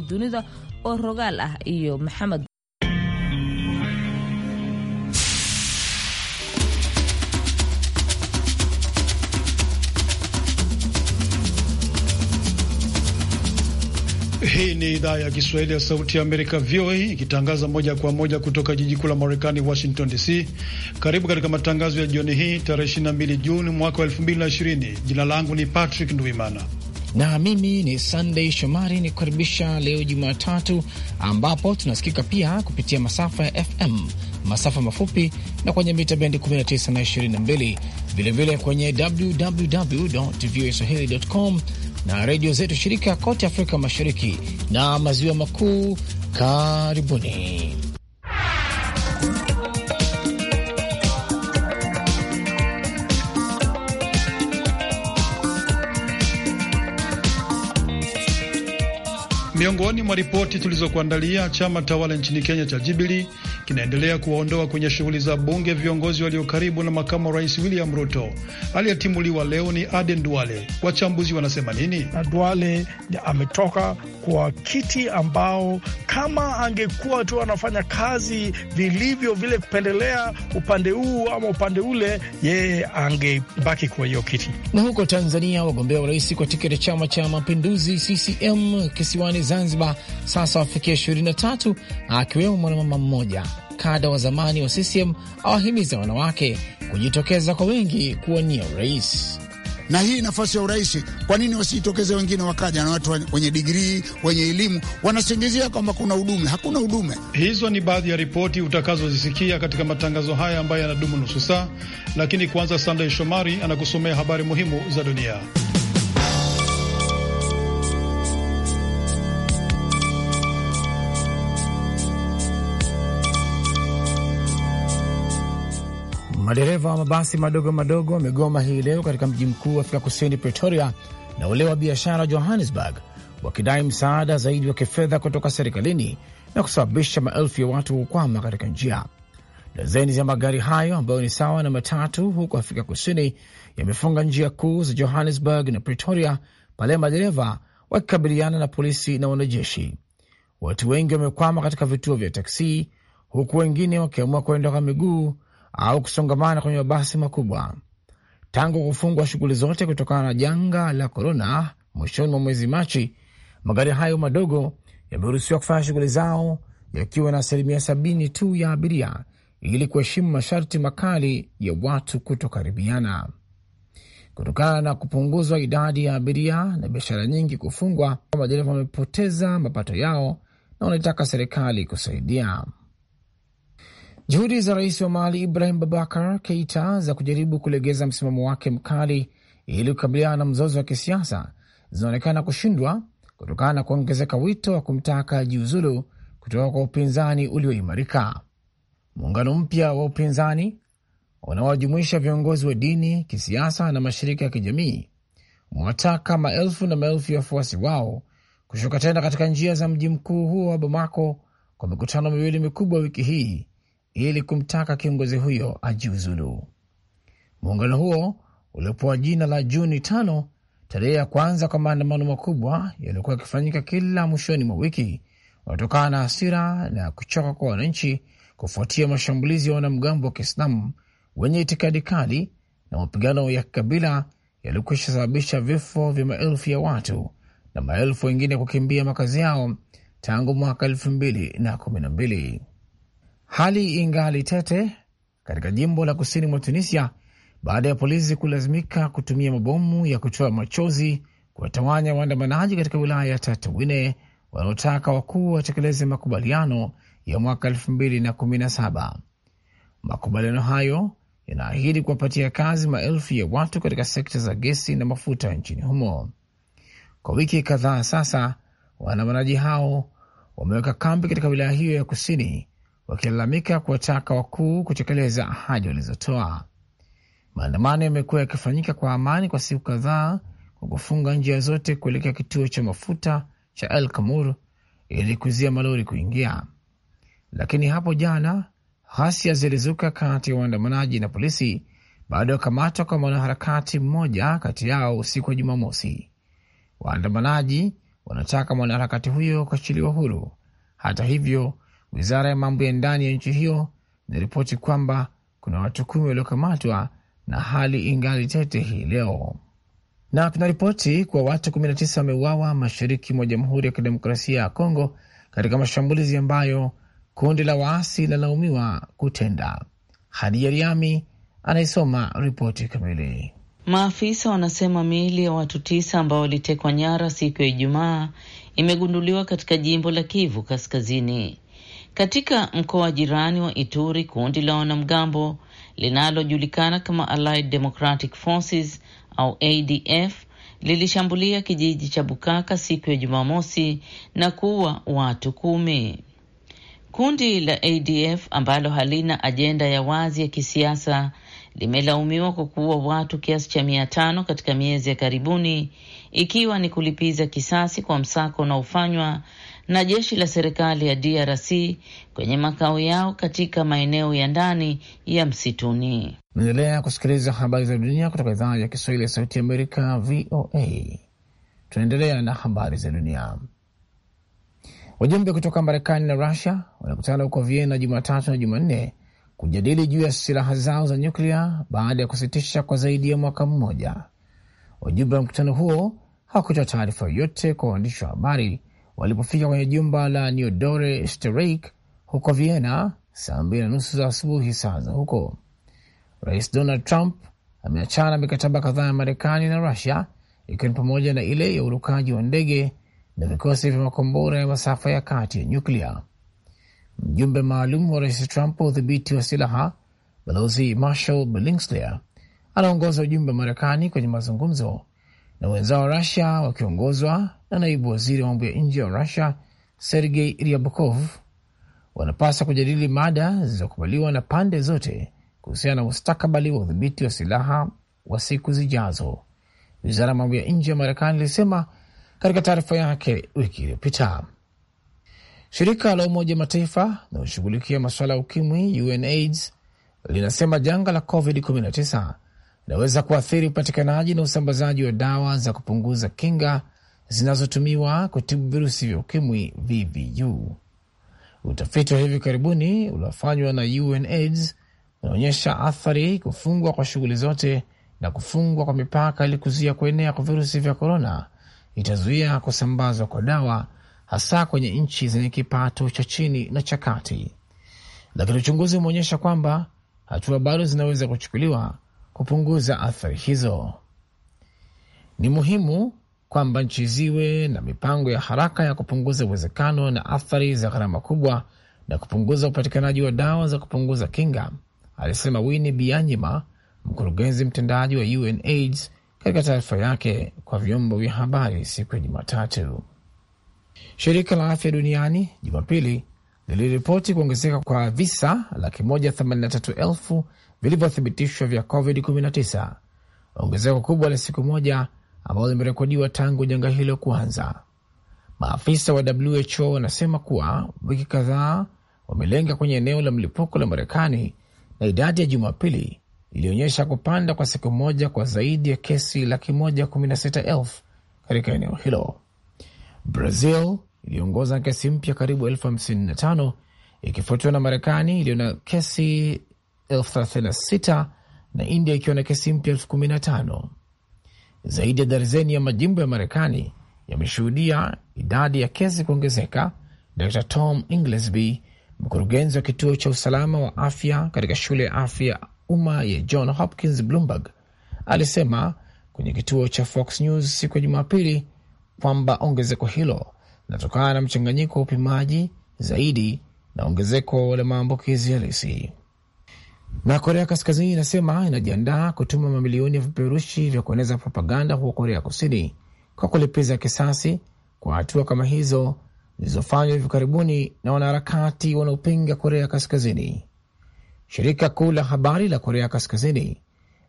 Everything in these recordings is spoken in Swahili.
dunida oo rogaal ah iyo maxamed Hii ni idhaa ya Kiswahili ya Sauti ya Amerika, VOA, ikitangaza moja kwa moja kutoka jiji kuu la Marekani, Washington DC. Karibu katika matangazo ya jioni hii tarehe 22 Juni mwaka wa 2020. Jina langu ni Patrick Ndwimana na mimi ni Sunday Shomari ni kukaribisha leo Jumatatu, ambapo tunasikika pia kupitia masafa ya FM, masafa mafupi na kwenye mita bendi 19 na 22, vilevile kwenye www voa swahili.com na redio zetu shirika kote Afrika Mashariki na Maziwa Makuu. Karibuni. Miongoni mwa ripoti tulizokuandalia, chama tawala nchini Kenya cha Jubilee kinaendelea kuwaondoa kwenye shughuli za bunge viongozi walio karibu na makamu wa rais William Ruto. Aliyetimuliwa leo ni Aden Duale. Wachambuzi wanasema nini? Na Duale ametoka kwa kiti ambao kama angekuwa tu anafanya kazi vilivyo vile kupendelea upande huu ama upande ule, yeye angebaki kwa hiyo kiti. Na huko Tanzania, wagombea urais kwa tiketi ya Chama cha Mapinduzi CCM kisiwani Zanzibar sasa wafikia 23 akiwemo mwanamama mmoja kada wa zamani wa CCM awahimiza wanawake kujitokeza kwa wingi kuwania urais na hii nafasi ya urais, kwa nini wasijitokeze wengine wakaja? Na watu wenye digrii, wenye elimu, wanasingizia kwamba kuna udume. Hakuna udume. Hizo ni baadhi ya ripoti utakazozisikia katika matangazo haya ambayo yanadumu nusu saa, lakini kwanza, Sandey Shomari anakusomea habari muhimu za dunia. Madereva wa mabasi madogo madogo wamegoma hii leo katika mji mkuu wa Afrika Kusini, Pretoria, na ule wa biashara Johannesburg, wakidai msaada zaidi wa kifedha kutoka serikalini na kusababisha maelfu ya watu kukwama katika njia. Dazeni ya magari hayo ambayo ni sawa na matatu huko Afrika Kusini yamefunga njia kuu za Johannesburg na Pretoria pale madereva wakikabiliana na polisi na wanajeshi. Watu wengi wamekwama katika vituo vya taksi, huku wengine wakiamua kwenda kwa miguu au kusongamana kwenye mabasi makubwa. Tangu kufungwa shughuli zote kutokana na janga la korona mwishoni mwa mwezi Machi, magari hayo madogo yameruhusiwa kufanya shughuli zao yakiwa na asilimia sabini tu ya abiria ili kuheshimu masharti makali ya watu kutokaribiana. Kutokana na kupunguzwa idadi ya abiria na biashara nyingi kufungwa, madereva wamepoteza mapato yao na wanaitaka serikali kusaidia. Juhudi za rais wa Mali Ibrahim Babakar Keita za kujaribu kulegeza msimamo wake mkali ili kukabiliana na mzozo wa kisiasa zinaonekana kushindwa kutokana na kuongezeka wito wa kumtaka jiuzulu kutoka kwa upinzani ulioimarika. Muungano mpya wa upinzani unaowajumuisha viongozi wa dini, kisiasa na mashirika ya kijamii umewataka maelfu na maelfu ya wafuasi wao kushuka tena katika njia za mji mkuu huo wa Bamako kwa mikutano miwili mikubwa wiki hii ili kumtaka kiongozi huyo ajiuzulu. Muungano huo uliopewa jina la Juni tano, tarehe ya kwanza kwa maandamano makubwa yaliyokuwa yakifanyika kila mwishoni mwa wiki, unatokana na hasira na kuchoka kwa wananchi kufuatia mashambulizi ya wanamgambo wa Kiislamu wenye itikadi kali na mapigano ya kikabila yaliyokwisha sababisha vifo vya maelfu ya watu na maelfu wengine kukimbia makazi yao tangu mwaka elfu mbili na kumi na mbili. Hali ingali tete katika jimbo la kusini mwa Tunisia baada ya polisi kulazimika kutumia mabomu ya kutoa machozi kuwatawanya waandamanaji katika wilaya ya Tatawine wanaotaka wakuu watekeleze makubaliano ya mwaka 2017. Makubaliano hayo yanaahidi kuwapatia kazi maelfu ya watu katika sekta za gesi na mafuta nchini humo. Kwa wiki kadhaa sasa, waandamanaji hao wameweka kambi katika wilaya hiyo ya kusini wakilalamika kuwataka wakuu kutekeleza ahadi walizotoa. Maandamano yamekuwa yakifanyika kwa amani kwa siku kadhaa kwa kufunga njia zote kuelekea kituo cha mafuta cha El Kamur ili kuzia malori kuingia, lakini hapo jana ghasia zilizuka kati ya waandamanaji na polisi baada ya kukamatwa kwa mwanaharakati mmoja kati yao usiku wa Jumamosi. Waandamanaji wanataka mwanaharakati huyo kuachiliwa huru. Hata hivyo, Wizara ya mambo ya ndani ya nchi hiyo inaripoti kwamba kuna watu kumi waliokamatwa na hali ingali tete hii leo. Na kuna ripoti kuwa watu 19 wameuawa mashariki mwa Jamhuri ya Kidemokrasia ya Kongo katika mashambulizi ambayo kundi la waasi linalaumiwa kutenda. Hadi Riami anaisoma ripoti kamili. Maafisa wanasema miili ya watu tisa ambao walitekwa nyara siku ya Ijumaa imegunduliwa katika jimbo la Kivu Kaskazini. Katika mkoa jirani wa Ituri, kundi la wanamgambo linalojulikana kama Allied Democratic Forces au ADF lilishambulia kijiji cha Bukaka siku ya Jumamosi na kuua watu kumi. Kundi la ADF ambalo halina ajenda ya wazi ya kisiasa limelaumiwa kwa kuua watu kiasi cha mia tano katika miezi ya karibuni, ikiwa ni kulipiza kisasi kwa msako unaofanywa na jeshi la serikali ya DRC kwenye makao yao katika maeneo ya ndani ya msituni. Naendelea kusikiliza habari za dunia kutoka idhaa ya Kiswahili ya Sauti Amerika, VOA. Tunaendelea na habari za dunia. Wajumbe kutoka Marekani na Rusia wanakutana huko Vienna Jumatatu na Jumanne kujadili juu ya silaha zao za nyuklia baada ya kusitisha kwa zaidi ya mwaka mmoja. Wajumbe wa mkutano huo hawakutoa taarifa yoyote kwa waandishi wa habari walipofika kwenye jumba la Neudore Stereik huko Vienna saa mbili na nusu za asubuhi saa za huko. Rais Donald Trump ameachana mikataba kadhaa ya Marekani na Rusia, ikiwa ni pamoja na ile ya urukaji wa ndege na vikosi vya makombora ya masafa ya kati ya nyuklia. Mjumbe maalum wa rais Trump wa udhibiti wa silaha balozi Marshall Billingslea anaongoza ujumbe wa Marekani kwenye mazungumzo na wenzao wa Rusia wakiongozwa na naibu waziri wa mambo ya nje wa Rusia Sergei Ryabkov wanapaswa kujadili mada zilizokubaliwa na pande zote kuhusiana na mustakabali wa udhibiti wa silaha wa siku zijazo, wizara ya mambo ya nje ya Marekani ilisema katika taarifa yake wiki iliyopita. Shirika la Umoja Mataifa linaloshughulikia masuala ya ukimwi UNAIDS linasema janga la COVID-19 inaweza kuathiri upatikanaji na usambazaji wa dawa za kupunguza kinga zinazotumiwa kutibu virusi vya ukimwi VVU. Utafiti wa hivi karibuni uliofanywa na UNAIDS unaonyesha athari kufungwa kwa shughuli zote na kufungwa kwa mipaka ili kuzuia kuenea kwa virusi vya korona itazuia kusambazwa kwa dawa hasa kwenye nchi zenye kipato cha chini na cha kati, lakini uchunguzi umeonyesha kwamba hatua bado zinaweza kuchukuliwa kupunguza athari hizo. Ni muhimu kwamba nchi ziwe na mipango ya haraka ya kupunguza uwezekano na athari za gharama kubwa na kupunguza upatikanaji wa dawa za kupunguza kinga, alisema Winnie Byanyima, mkurugenzi mtendaji wa UNAIDS katika taarifa yake kwa vyombo vya habari siku ya Jumatatu. Shirika la Afya Duniani Jumapili liliripoti kuongezeka kwa visa laki moja themanini na tatu elfu vilivyothibitishwa vya COVID-19, ongezeko kubwa la siku moja ambalo limerekodiwa tangu janga hilo kuanza. Maafisa wa WHO wanasema kuwa wiki kadhaa wamelenga kwenye eneo la mlipuko la Marekani, na idadi ya Jumapili ilionyesha kupanda kwa siku moja kwa zaidi ya kesi laki moja kumi na sita elfu katika eneo hilo. Brazil iliongoza kesi mpya karibu elfu hamsini na tano ikifuatiwa na Marekani iliyo na kesi elfu thelathini na sita na India ikiwa na kesi mpya elfu kumi na tano. Zaidi ya darzeni ya majimbo ya Marekani yameshuhudia idadi ya kesi kuongezeka. Dr Tom Inglesby, mkurugenzi wa kituo cha usalama wa afya katika shule ya afya ya umma ya John Hopkins Bloomberg, alisema kwenye kituo cha Fox News siku ya Jumapili kwamba ongezeko hilo linatokana na mchanganyiko wa upimaji zaidi na ongezeko la maambukizi halisi. Na Korea Kaskazini inasema inajiandaa kutuma mamilioni ya vipeperushi vya kueneza propaganda huko Korea Kusini kwa kulipiza kisasi kwa hatua kama hizo zilizofanywa hivi karibuni na wanaharakati wanaopinga Korea Kaskazini. Shirika kuu la habari la Korea Kaskazini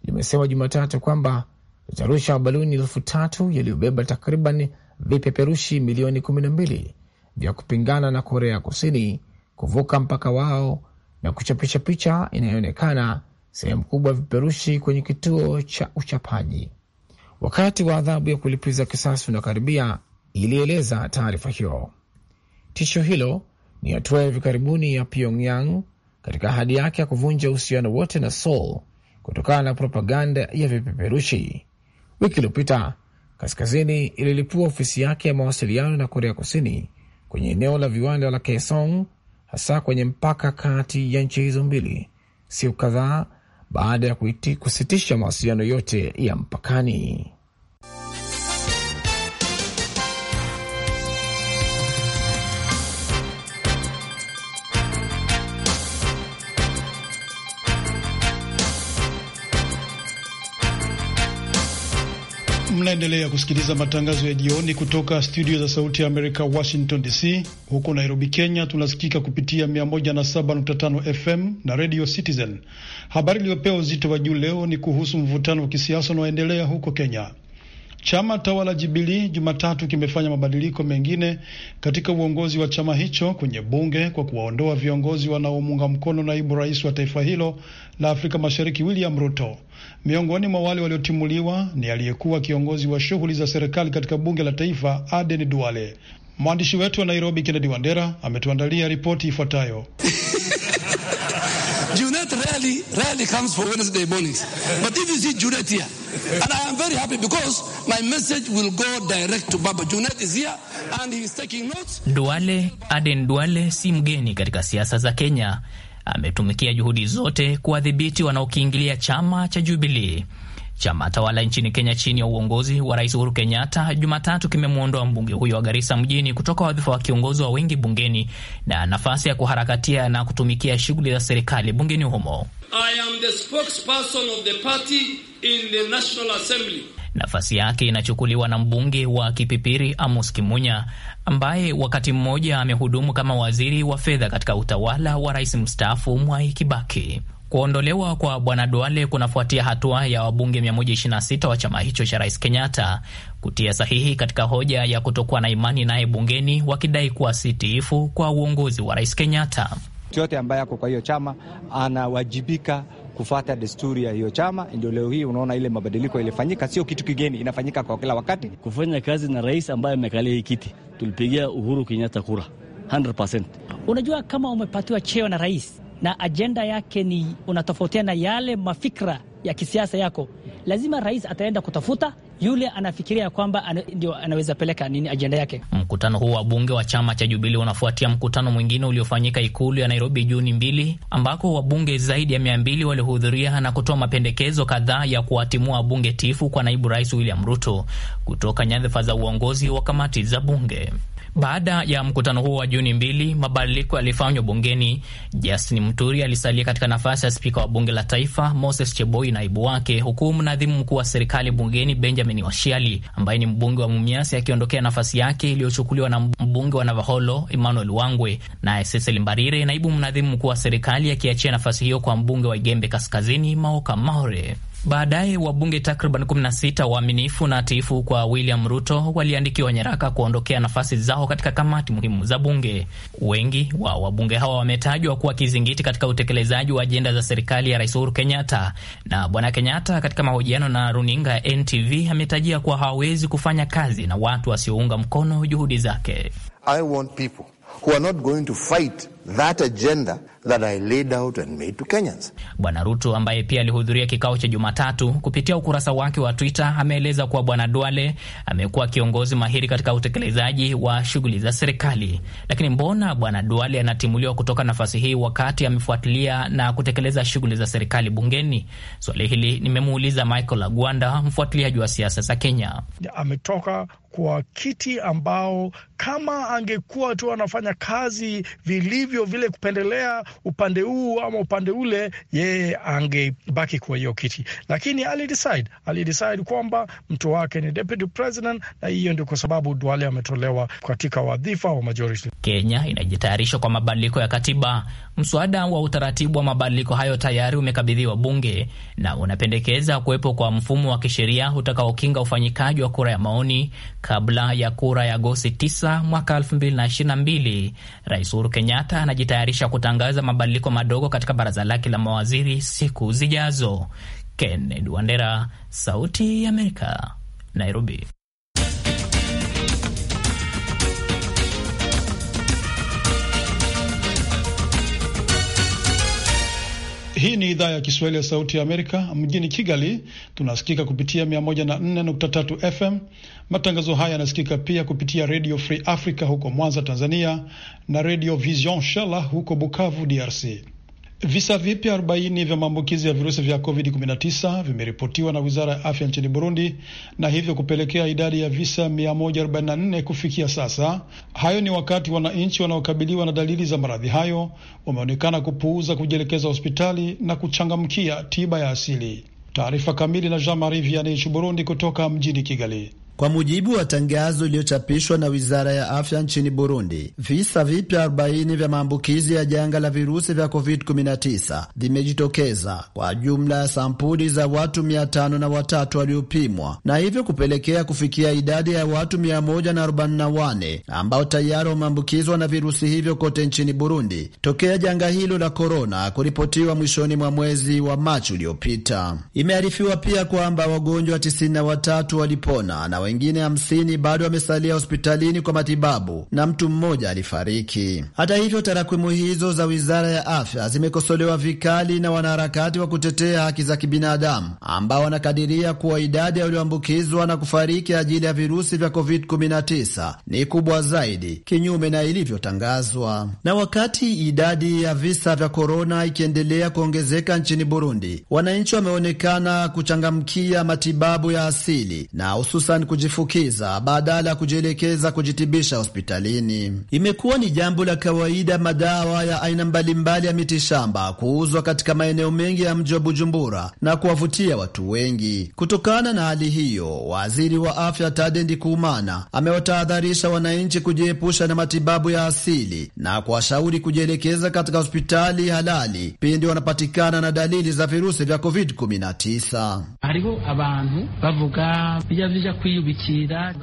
limesema Jumatatu kwamba litarusha mabaluni elfu tatu yaliyobeba takriban vipeperushi milioni mbili vya kupingana na Korea Kusini kuvuka mpaka wao na kuchapisha picha inayoonekana sehemu kubwa ya vipeperushi kwenye kituo cha uchapaji. Wakati wa adhabu ya kulipiza kisasi unakaribia, ilieleza taarifa hiyo. Tisho hilo ni hatua ya hivi karibuni ya Pyongyang katika ahadi yake ya kuvunja uhusiano wote na Seoul kutokana na propaganda ya vipeperushi. Wiki iliyopita, Kaskazini ililipua ofisi yake ya mawasiliano na Korea Kusini kwenye eneo la viwanda la Kaesong hasa kwenye mpaka kati ya nchi hizo mbili, siku kadhaa baada ya kusitisha mawasiliano yote ya mpakani. Mnaendelea kusikiliza matangazo ya jioni kutoka studio za Sauti ya Amerika, Washington DC. Huko Nairobi, Kenya, tunasikika kupitia 107.5 FM na Radio Citizen. Habari iliyopewa uzito wa juu leo ni kuhusu mvutano wa kisiasa unaoendelea huko Kenya. Chama tawala Jubilee Jumatatu kimefanya mabadiliko mengine katika uongozi wa chama hicho kwenye bunge kwa kuwaondoa viongozi wanaomuunga mkono naibu rais wa taifa hilo la Afrika Mashariki William Ruto. Miongoni mwa wale waliotimuliwa ni aliyekuwa kiongozi wa shughuli za serikali katika bunge la taifa Aden Duale. Mwandishi wetu wa Nairobi Kennedy Wandera ametuandalia ripoti ifuatayo. Junet rarely, rarely comes for Wednesday mornings. But if you see Junet here, and I am very happy because my message will go direct to Baba. Junet is here and he is taking notes. Duale, Aden Duale si mgeni katika siasa za Kenya. Ametumikia juhudi zote kuwadhibiti wanaokiingilia chama cha Jubilee. Chama tawala nchini Kenya chini ya uongozi wa Rais Uhuru Kenyatta Jumatatu kimemwondoa mbunge huyo wa Garissa mjini kutoka wadhifa wa kiongozi wa wengi bungeni na nafasi ya kuharakatia na kutumikia shughuli za serikali bungeni humo. I am the spokesperson of the party in the National Assembly. Nafasi yake inachukuliwa na mbunge wa Kipipiri Amos Kimunya ambaye wakati mmoja amehudumu kama waziri wa fedha katika utawala wa rais mstaafu Mwai Kibaki. Kuondolewa kwa bwana Duale kunafuatia hatua ya wabunge 126 wa chama hicho cha rais Kenyatta kutia sahihi katika hoja ya kutokuwa na imani naye bungeni, wakidai kuwa si tiifu kwa uongozi wa rais Kenyatta. Yote ambaye ako kwa hiyo chama anawajibika kufata desturi ya hiyo chama. Ndio leo hii unaona ile mabadiliko ilifanyika, sio kitu kigeni, inafanyika kwa kila wakati. Kufanya kazi na rais ambaye amekalia hii kiti, tulipigia Uhuru Kenyatta kura 100%. Unajua, kama umepatiwa cheo na rais na ajenda yake ni unatofautiana na yale mafikra ya kisiasa yako, lazima rais ataenda kutafuta yule anafikiria kwamba ana, ndio anaweza peleka nini ajenda yake. Mkutano huu wa bunge wa chama cha Jubilii unafuatia mkutano mwingine uliofanyika ikulu ya Nairobi Juni mbili, ambako wabunge zaidi ya mia mbili walihudhuria na kutoa mapendekezo kadhaa ya kuwatimua bunge tifu kwa naibu rais William Ruto kutoka nyadhifa za uongozi wa kamati za bunge. Baada ya mkutano huo wa Juni mbili, mabadiliko yalifanywa bungeni. Justin mturi alisalia katika nafasi ya spika wa bunge la taifa, Moses Cheboi naibu wake, huku mnadhimu mkuu wa serikali bungeni Benjamin Washiali ambaye ni mbunge wa mumiasi akiondokea nafasi yake iliyochukuliwa na mbunge wa Navaholo Emmanuel Wangwe, naye Cecil Mbarire naibu mnadhimu mkuu wa serikali akiachia nafasi hiyo kwa mbunge wa Igembe Kaskazini Maoka Maore. Baadaye wabunge takriban 16 waaminifu na tiifu kwa William Ruto waliandikiwa nyaraka kuondokea nafasi zao katika kamati muhimu za bunge. Wengi wa wabunge hawa wametajwa kuwa kizingiti katika utekelezaji wa ajenda za serikali ya Rais Uhuru Kenyatta, na Bwana Kenyatta katika mahojiano na runinga ya NTV ametajia kuwa hawawezi kufanya kazi na watu wasiounga mkono juhudi zake. I want people who are not going to fight that agenda that I laid out and made to Kenyans. Bwana Ruto ambaye pia alihudhuria kikao cha Jumatatu kupitia ukurasa wake wa Twitter ameeleza kuwa Bwana Duale amekuwa kiongozi mahiri katika utekelezaji wa shughuli za serikali. Lakini mbona Bwana Duale anatimuliwa kutoka nafasi hii wakati amefuatilia na kutekeleza shughuli za serikali bungeni? Swali hili nimemuuliza Michael Agwanda, mfuatiliaji wa siasa za Kenya. Ametoka kwa kiti ambao kama angekuwa tu anafanya kazi vilivyo hivyo vile kupendelea upande huu ama upande ule, yeye angebaki kwa hiyo kiti, lakini alidecide, alidecide kwamba mtu wake ni deputy president, na hiyo ndio kwa sababu Duale ametolewa katika wadhifa wa majority. Kenya inajitayarisha kwa mabadiliko ya katiba. Mswada wa utaratibu wa mabadiliko hayo tayari umekabidhiwa bunge na unapendekeza kuwepo kwa mfumo wa kisheria utakaokinga ufanyikaji wa kura ya maoni kabla ya kura ya Agosti 9 mwaka 2022. Rais Uhuru Kenyatta anajitayarisha kutangaza mabadiliko madogo katika baraza lake la mawaziri siku zijazo. Kennedy Wandera, Sauti ya Amerika, Nairobi. Hii ni idhaa ya Kiswahili ya Sauti ya Amerika mjini Kigali. Tunasikika kupitia 104.3 FM. Matangazo haya yanasikika pia kupitia Radio Free Africa huko Mwanza, Tanzania, na Radio Vision Shala huko Bukavu, DRC. Visa vipya 40 vya maambukizi ya virusi vya COVID-19 vimeripotiwa na wizara ya afya nchini Burundi na hivyo kupelekea idadi ya visa 144 kufikia sasa. Hayo ni wakati wananchi wanaokabiliwa na dalili za maradhi hayo wameonekana kupuuza kujielekeza hospitali na kuchangamkia tiba ya asili. Taarifa kamili na Jean Marie Vianney Burundi kutoka mjini Kigali. Kwa mujibu wa tangazo iliyochapishwa na wizara ya afya nchini Burundi, visa vipya 40 vya maambukizi ya janga la virusi vya COVID-19 vimejitokeza kwa jumla ya sampuli za watu mia na watatu waliopimwa na hivyo kupelekea kufikia idadi ya watu 144 ambao tayari wameambukizwa na virusi hivyo kote nchini Burundi tokea janga hilo la korona kuripotiwa mwishoni mwa mwezi wa Machi uliopita. Imearifiwa pia kwamba wagonjwa 93 walipona na wengine hamsini bado wamesalia hospitalini kwa matibabu na mtu mmoja alifariki. Hata hivyo, tarakwimu hizo za wizara ya afya zimekosolewa vikali na wanaharakati wa kutetea haki za kibinadamu ambao wanakadiria kuwa idadi ya walioambukizwa na kufariki ajili ya virusi vya COVID-19 ni kubwa zaidi kinyume na ilivyotangazwa. Na wakati idadi ya visa vya korona ikiendelea kuongezeka nchini Burundi, wananchi wameonekana kuchangamkia matibabu ya asili na hususan kujifukiza badala ya kujielekeza kujitibisha hospitalini. Imekuwa ni jambo la kawaida madawa ya aina mbalimbali ya mitishamba kuuzwa katika maeneo mengi ya mji wa Bujumbura na kuwavutia watu wengi. Kutokana na hali hiyo, waziri wa afya Tade Ndikuumana amewatahadharisha wananchi kujiepusha na matibabu ya asili na kuwashauri kujielekeza katika hospitali halali pindi wanapatikana na dalili za virusi vya COVID-19.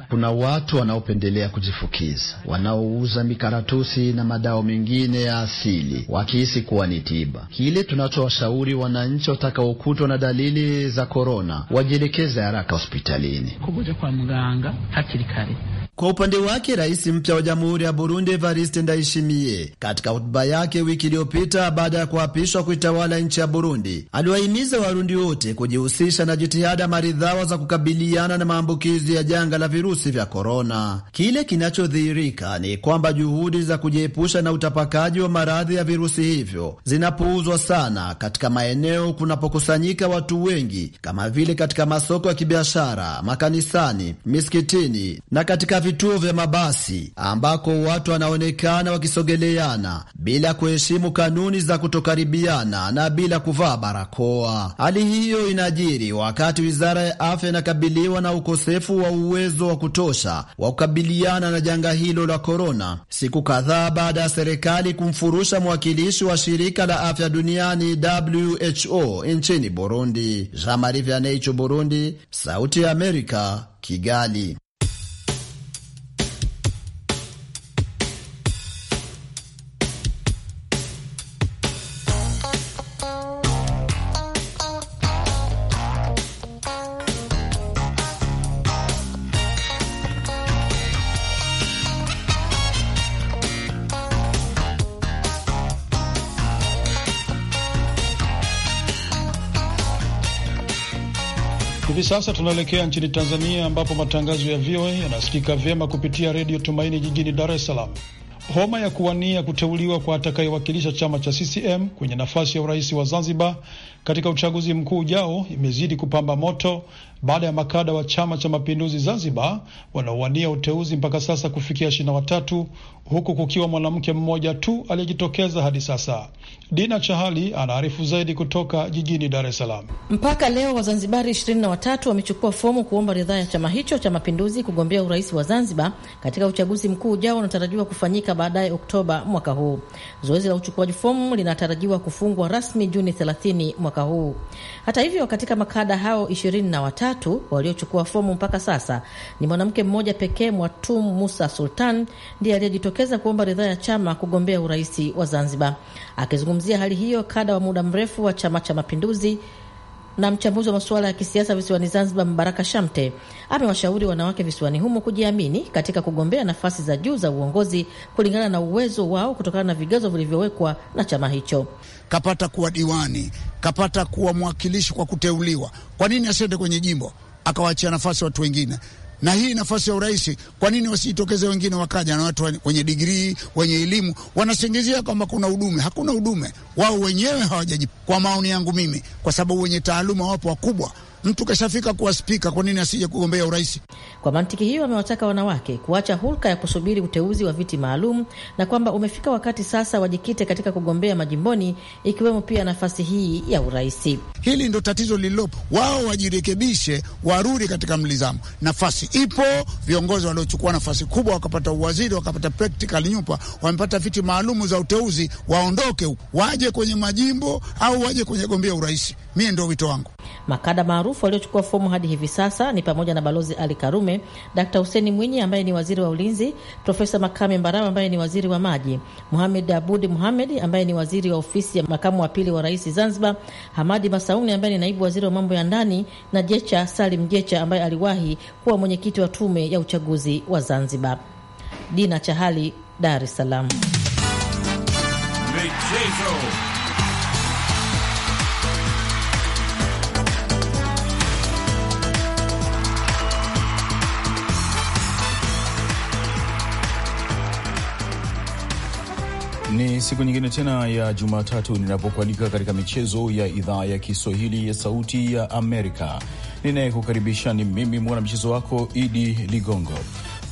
Kuna watu wanaopendelea kujifukiza, wanaouza mikaratusi na madao mengine ya asili wakihisi kuwa ni tiba. Kile tunachowashauri wananchi watakaokutwa na dalili za korona wajielekeze haraka hospitalini. Kwa upande wake rais mpya wa jamhuri ya Burundi Evariste Ndayishimiye, katika hotuba yake wiki iliyopita baada ya kuapishwa kuitawala nchi ya Burundi, aliwahimiza Warundi wote kujihusisha na jitihada maridhawa za kukabiliana na maambukizi maambukizi ya janga la virusi vya korona. Kile kinachodhihirika ni kwamba juhudi za kujiepusha na utapakaji wa maradhi ya virusi hivyo zinapuuzwa sana katika maeneo kunapokusanyika watu wengi kama vile katika masoko ya kibiashara, makanisani, misikitini na katika vituo vya mabasi ambako watu wanaonekana wakisogeleana bila kuheshimu kanuni za kutokaribiana na bila kuvaa barakoa. Hali hiyo inajiri wakati wizara ya afya inakabiliwa na ukosefu wa uwezo wa kutosha wa kukabiliana na janga hilo la korona, siku kadhaa baada ya serikali kumfurusha mwakilishi wa shirika la afya duniani WHO nchini Burundi. Jean Marie Vianney, Burundi, Sauti ya Amerika, Kigali. Hivi sasa tunaelekea nchini Tanzania ambapo matangazo ya VOA yanasikika vyema kupitia redio Tumaini jijini Dar es Salaam. Homa ya kuwania kuteuliwa kwa atakayewakilisha chama cha CCM kwenye nafasi ya urais wa Zanzibar katika uchaguzi mkuu ujao imezidi kupamba moto baada ya makada wa Chama cha Mapinduzi Zanzibar wanaowania uteuzi mpaka sasa kufikia ishirini na watatu huku kukiwa mwanamke mmoja tu aliyejitokeza hadi sasa. Dina Chahali anaarifu zaidi kutoka jijini Dar es Salaam. Mpaka leo Wazanzibari ishirini na watatu wamechukua fomu kuomba ridhaa ya chama hicho cha Mapinduzi kugombea urais wa Zanzibar katika uchaguzi mkuu ujao unatarajiwa kufanyika baadaye Oktoba mwaka huu. Zoezi la uchukuaji fomu linatarajiwa kufungwa rasmi Juni 30 mwaka mwaka huu. Hata hivyo, katika makada hao ishirini na watatu waliochukua fomu mpaka sasa ni mwanamke mmoja pekee, Mwatum Musa Sultan, ndiye aliyejitokeza kuomba ridhaa ya chama kugombea urais wa Zanzibar. Akizungumzia hali hiyo, kada wa muda mrefu wa Chama cha Mapinduzi na mchambuzi wa masuala ya kisiasa visiwani Zanzibar, Mbaraka Shamte amewashauri wanawake visiwani humo kujiamini katika kugombea nafasi za juu za uongozi kulingana na uwezo wao kutokana na vigezo vilivyowekwa na chama hicho kapata kuwa diwani, kapata kuwa mwakilishi kwa kuteuliwa. Kwa nini asiende kwenye jimbo akawaachia nafasi watu wengine? na hii nafasi ya urais, kwa nini wasijitokeze wengine wakaja? Na watu wenye digrii, wenye elimu, wanasingizia kwamba kuna udume. Hakuna udume, wao wenyewe hawajaji, kwa maoni yangu mimi, kwa sababu wenye taaluma wapo wakubwa Mtu kashafika kuwa spika, kwa nini asije kugombea urais? Kwa mantiki hiyo, amewataka wanawake kuacha hulka ya kusubiri uteuzi wa viti maalum na kwamba umefika wakati sasa wajikite katika kugombea majimboni, ikiwemo pia nafasi hii ya urais. Hili ndo tatizo lililopo, wao wajirekebishe, warudi katika mlizamo. Nafasi ipo, viongozi waliochukua nafasi kubwa wakapata uwaziri, wakapata practical nyupa, wamepata viti maalumu za uteuzi, waondoke waje kwenye majimbo au waje kwenye gombea urais. Mie ndo wito wangu. Makada maarufu waliochukua fomu hadi hivi sasa ni pamoja na Balozi Ali Karume, Dkt Huseni Mwinyi ambaye ni waziri wa ulinzi, Profesa Makame Mbarawa ambaye ni waziri wa maji, Muhamed Abudi Muhamed ambaye ni waziri wa ofisi ya makamu wa pili wa rais Zanzibar, Hamadi Masauni ambaye ni naibu waziri wa mambo ya ndani na Jecha Salim Jecha ambaye aliwahi kuwa mwenyekiti wa tume ya uchaguzi wa Zanzibar. Dina Chahali, Dar es Salaam. Michezo. Ni siku nyingine tena ya Jumatatu ninapokualika katika michezo ya idhaa ya Kiswahili ya Sauti ya Amerika. Ninayekukaribisha ni mimi mwanamchezo wako Idi Ligongo.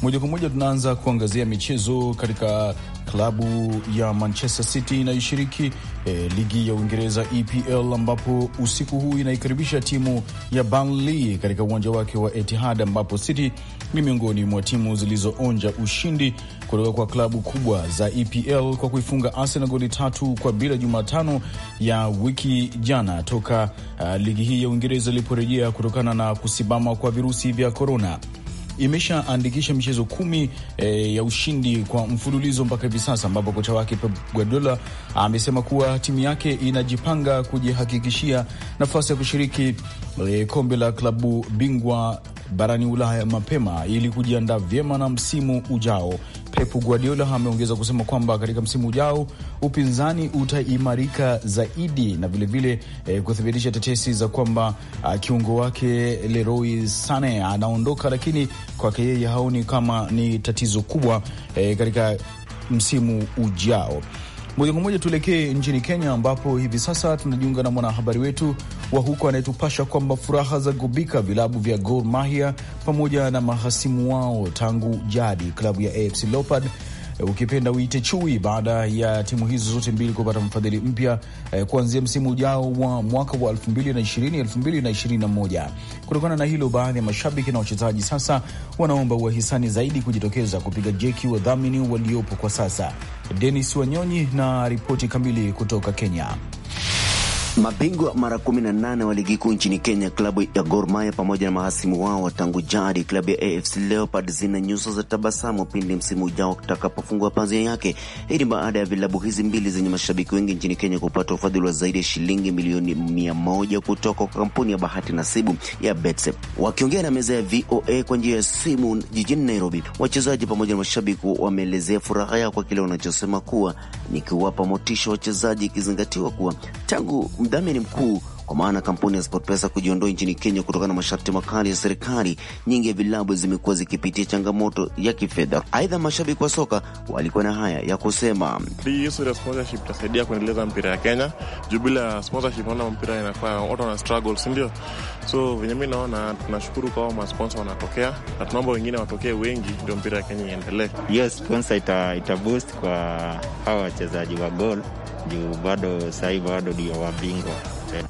Moja kwa moja tunaanza kuangazia michezo katika klabu ya Manchester City inayoshiriki e, ligi ya Uingereza EPL ambapo usiku huu inaikaribisha timu ya Burnley katika uwanja wake wa Etihad, ambapo City ni miongoni mwa timu zilizoonja ushindi kutoka kwa klabu kubwa za EPL kwa kuifunga Arsenal goli tatu kwa bila Jumatano ya wiki jana toka uh, ligi hii ya Uingereza iliporejea kutokana na kusimama kwa virusi vya korona imeshaandikisha michezo kumi e, ya ushindi kwa mfululizo mpaka hivi sasa, ambapo kocha wake Pep Guardiola amesema kuwa timu yake inajipanga kujihakikishia nafasi ya kushiriki e, kombe la klabu bingwa barani Ulaya mapema ili kujiandaa vyema na msimu ujao. Pep Guardiola ameongeza kusema kwamba katika msimu ujao upinzani utaimarika zaidi na vilevile eh, kuthibitisha tetesi za kwamba uh, kiungo wake Leroy Sane anaondoka, lakini kwake yeye haoni kama ni tatizo kubwa eh, katika msimu ujao. Moja kwa moja tuelekee nchini Kenya, ambapo hivi sasa tunajiunga na mwanahabari wetu wa huko anayetupasha kwamba furaha za gubika vilabu vya Gor Mahia pamoja na mahasimu wao tangu jadi, klabu ya AFC Leopards ukipenda uite chui, baada ya timu hizo zote mbili kupata mfadhili mpya eh, kuanzia msimu ujao wa mwaka wa 2020 2021. Kutokana na hilo, baadhi ya mashabiki na wachezaji sasa wanaomba wahisani zaidi kujitokeza kupiga jeki wadhamini waliopo kwa sasa. Denis Wanyonyi na ripoti kamili kutoka Kenya. Mabingwa mara 18 wa ligi kuu nchini Kenya, klabu ya Gor Mahia pamoja na mahasimu wao wa tangu jadi, klabu ya AFC Leopards zina nyuso za tabasamu pindi msimu ujao utakapofungua pazia yake. Hii ni baada ya vilabu hizi mbili zenye mashabiki wengi nchini Kenya kupata ufadhili wa zaidi ya shilingi milioni mia moja kutoka kwa kampuni ya bahati nasibu ya Betsep. Wakiongea na meza ya VOA kwa njia ya simu jijini Nairobi, wachezaji pamoja na mashabiki wameelezea furaha yao kwa kile wanachosema kuwa ni kuwapa motisha wachezaji, ikizingatiwa kuwa tangu mdhamini mkuu kwa maana kampuni ya SportPesa kujiondoa nchini Kenya kutokana na masharti makali ya serikali, nyingi ya vilabu zimekuwa zikipitia changamoto ya kifedha. Aidha, mashabiki wa soka walikuwa na haya ya kusema: ya sponsorship itasaidia kuendeleza mpira ya Kenya juu bila sponsorship naona mpira inakuwa watu wana struggle, si ndio? So venye mi naona, tunashukuru kwa masponsa wanatokea na tunaomba wengine watokee wengi, ndio mpira ya Kenya iendelee. Hiyo sponsa ita, ita boost kwa hawa wachezaji wa gol juu bado sahii bado ndio wabingwa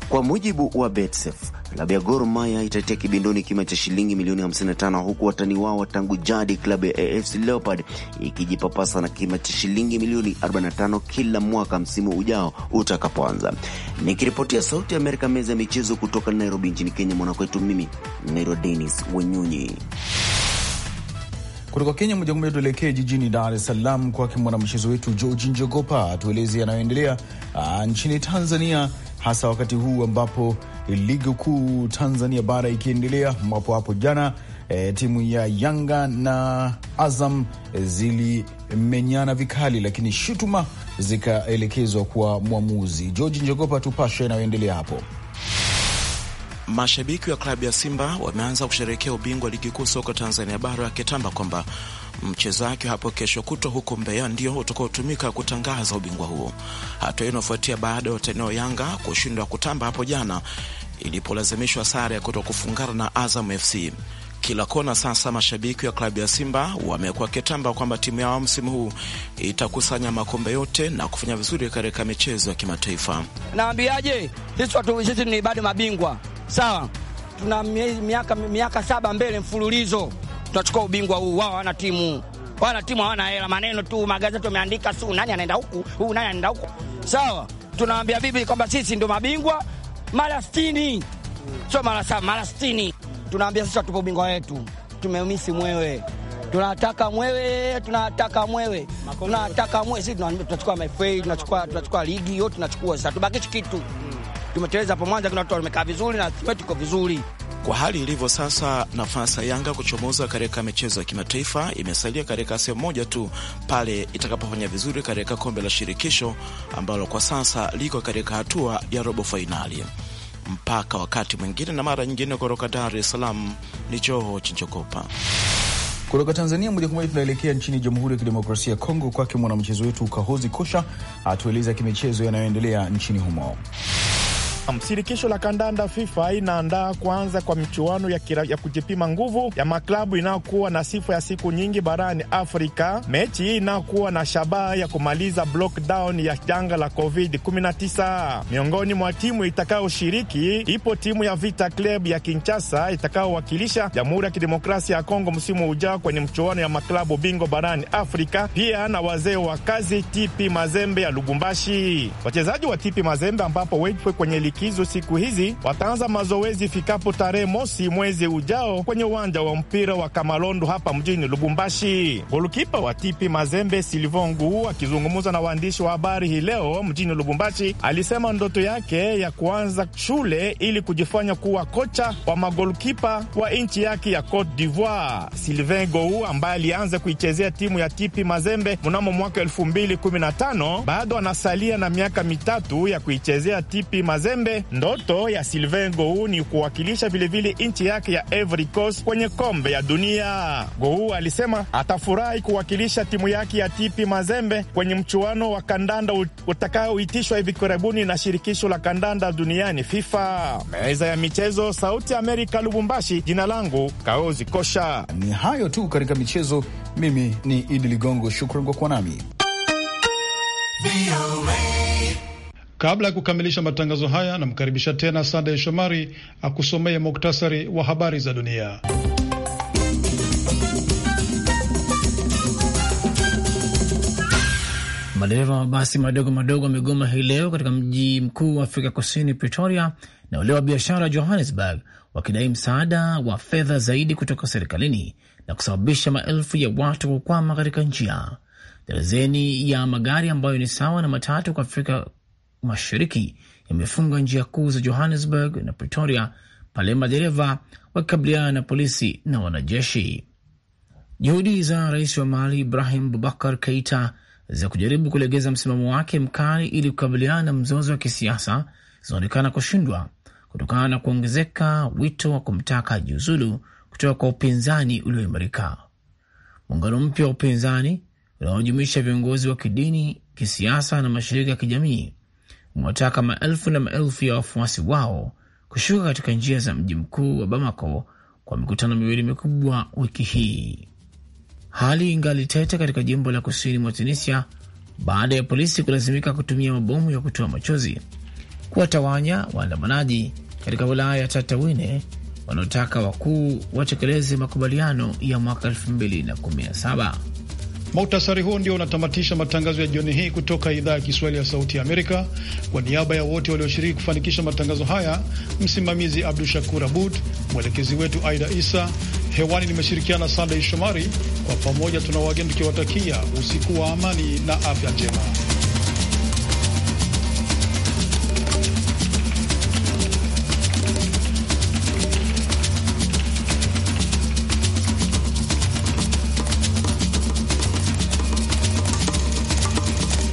kwa mujibu wa Betsef, klabu ya Gor Mahia itatia kibindoni kima cha shilingi milioni 55, huku watani wao tangu jadi klabu ya AFC Leopard ikijipapasa na kima cha shilingi milioni 45 kila mwaka msimu ujao utakapoanza. Nikiripoti ya Sauti ya Amerika, meza ya michezo kutoka Nairobi nchini Kenya, mwanakwetu mimi Nairo Denis Wenyunyi. Kutoka Kenya moja kwa moja tuelekee jijini Dar es Salaam kwake mwanamchezo wetu Georgi Njogopa atueleze yanayoendelea ah, nchini Tanzania hasa wakati huu ambapo eh, ligi kuu Tanzania bara ikiendelea, ambapo hapo jana e, timu ya Yanga na Azam eh, zilimenyana vikali, lakini shutuma zikaelekezwa kwa mwamuzi George Njogopa. Tupashe inayoendelea hapo. Mashabiki wa klabu ya Simba wameanza kusherehekea ubingwa wa ligi kuu soka Tanzania bara, akitamba kwamba Mchezo wake hapo kesho kutwa huko Mbeya ndio utakaotumika kutangaza ubingwa huo. Hatua hiyo inafuatia baada ya wateneo Yanga kushindwa kutamba hapo jana ilipolazimishwa sare ya kuto kufungana na Azam FC. Kila kona sasa, mashabiki wa klabu ya Simba wamekuwa wakitamba kwamba timu yao msimu huu itakusanya makombe yote na kufanya vizuri katika michezo ya kimataifa. Naambiaje, sisi ni bado mabingwa sawa, tuna miaka, miaka saba mbele mfululizo tunachukua ubingwa huu. Wao hawana timu, wana timu hawana hela, maneno tu, magazeti yameandika, si nani anaenda huku, huu nani anaenda huku. Sawa, tunawambia bibi kwamba sisi ndio mabingwa mara sitini, sio mara saba, mara sitini. Tunawambia sisi tupo ubingwa wetu, tumeumisi mwewe tunataka mwewe, tunataka mwewe, tunataka mwewe. Sisi tunachukua MFA, tunachukua tunachukua ligi yote, tunachukua sasa, tubakishi kitu mm. tumeteleza hapo. Mwanza kuna watu wamekaa vizuri na tuko vizuri. Kwa hali ilivyo sasa, nafasi ya Yanga kuchomoza katika michezo ya kimataifa imesalia katika sehemu moja tu, pale itakapofanya vizuri katika kombe la shirikisho ambalo kwa sasa liko katika hatua ya robo fainali. Mpaka wakati mwingine na mara nyingine, kutoka Dar es Salaam ni Joho Chinjokopa. Kutoka Tanzania moja kwa moja tunaelekea nchini Jamhuri ya Kidemokrasia ya Kongo, kwake mwanamchezo wetu Kahozi Kosha atueleza kimichezo yanayoendelea nchini humo. Shirikisho la kandanda FIFA inaandaa kuanza kwa michuano ya, ya kujipima nguvu ya maklabu inayokuwa na sifa ya siku nyingi barani Afrika. Mechi hii inayokuwa na shabaha ya kumaliza blockdown ya janga la COVID-19. Miongoni mwa timu itakayoshiriki ipo timu ya Vita Club ya Kinshasa itakayowakilisha Jamhuri ya Kidemokrasia ya Kongo msimu ujao kwenye mchuano ya maklabu bingo barani Afrika, pia na wazee wa kazi TP Mazembe ya Lubumbashi. Wachezaji wa TP Mazembe ambapo kwenye likizo siku hizi wataanza mazoezi ifikapo tarehe mosi mwezi ujao kwenye uwanja wa mpira wa Kamalondo hapa mjini Lubumbashi. Golukipa wa Tipi Mazembe Silivon Guu akizungumza na waandishi wa habari hii leo mjini Lubumbashi alisema ndoto yake ya kuanza shule ili kujifanya kuwa kocha wa magolukipa wa nchi yake ya Cote d'Ivoire. Silivin Gou ambaye alianza kuichezea timu ya Tipi Mazembe mnamo mwaka 2015 bado anasalia na miaka mitatu ya kuichezea Tipi Mazembe vilevile ndoto ya Sylvain Gou ni kuwakilisha vilevile nchi yake ya Ivory Coast kwenye kombe ya dunia. Gou alisema atafurahi kuwakilisha timu yake ya TP Mazembe kwenye mchuano wa kandanda utakaoitishwa hivi karibuni na shirikisho la kandanda duniani FIFA. Meza ya michezo, Sauti Amerika, Lubumbashi. Jina langu Kaozi Kosha. Ni hayo tu katika michezo. Mimi ni Idi Ligongo, shukran kwa kuwa nami. Kabla ya kukamilisha matangazo haya, namkaribisha tena Sandey Shomari akusomee muktasari wa habari za dunia. Madereva wa mabasi madogo madogo wamegoma hii leo katika mji mkuu wa Afrika Kusini, Pretoria, na ule wa biashara Johannesburg, wakidai msaada wa fedha zaidi kutoka serikalini na kusababisha maelfu ya watu kukwama katika njia. Darazeni ya magari ambayo ni sawa na matatu kwa Afrika mashariki yamefunga njia kuu za Johannesburg na Pretoria pale madereva wakikabiliana na polisi na wanajeshi. Juhudi za rais wa Mali Ibrahim Bubakar Keita za kujaribu kulegeza msimamo wake mkali ili kukabiliana na mzozo wa kisiasa zinaonekana kushindwa kutokana na kuongezeka wito wa kumtaka jiuzulu kutoka kwa upinzani ulioimarika. Muungano mpya wa upinzani unaojumuisha viongozi wa kidini, kisiasa na mashirika ya kijamii umewataka maelfu na maelfu ya wafuasi wao kushuka katika njia za mji mkuu wa Bamako kwa mikutano miwili mikubwa wiki hii. Hali ingali tete katika jimbo la kusini mwa Tunisia baada ya polisi kulazimika kutumia mabomu ya kutoa machozi kuwatawanya waandamanaji katika wilaya ya Tatawine wanaotaka wakuu watekeleze makubaliano ya mwaka 2017. Muktasari huo ndio unatamatisha matangazo ya jioni hii kutoka idhaa ya Kiswahili ya Sauti ya Amerika. Kwa niaba ya wote walioshiriki kufanikisha matangazo haya, msimamizi Abdu Shakur Abud, mwelekezi wetu Aida Isa. Hewani nimeshirikiana Sandei Shomari. Kwa pamoja, tuna wageni tukiwatakia usiku wa amani na afya njema.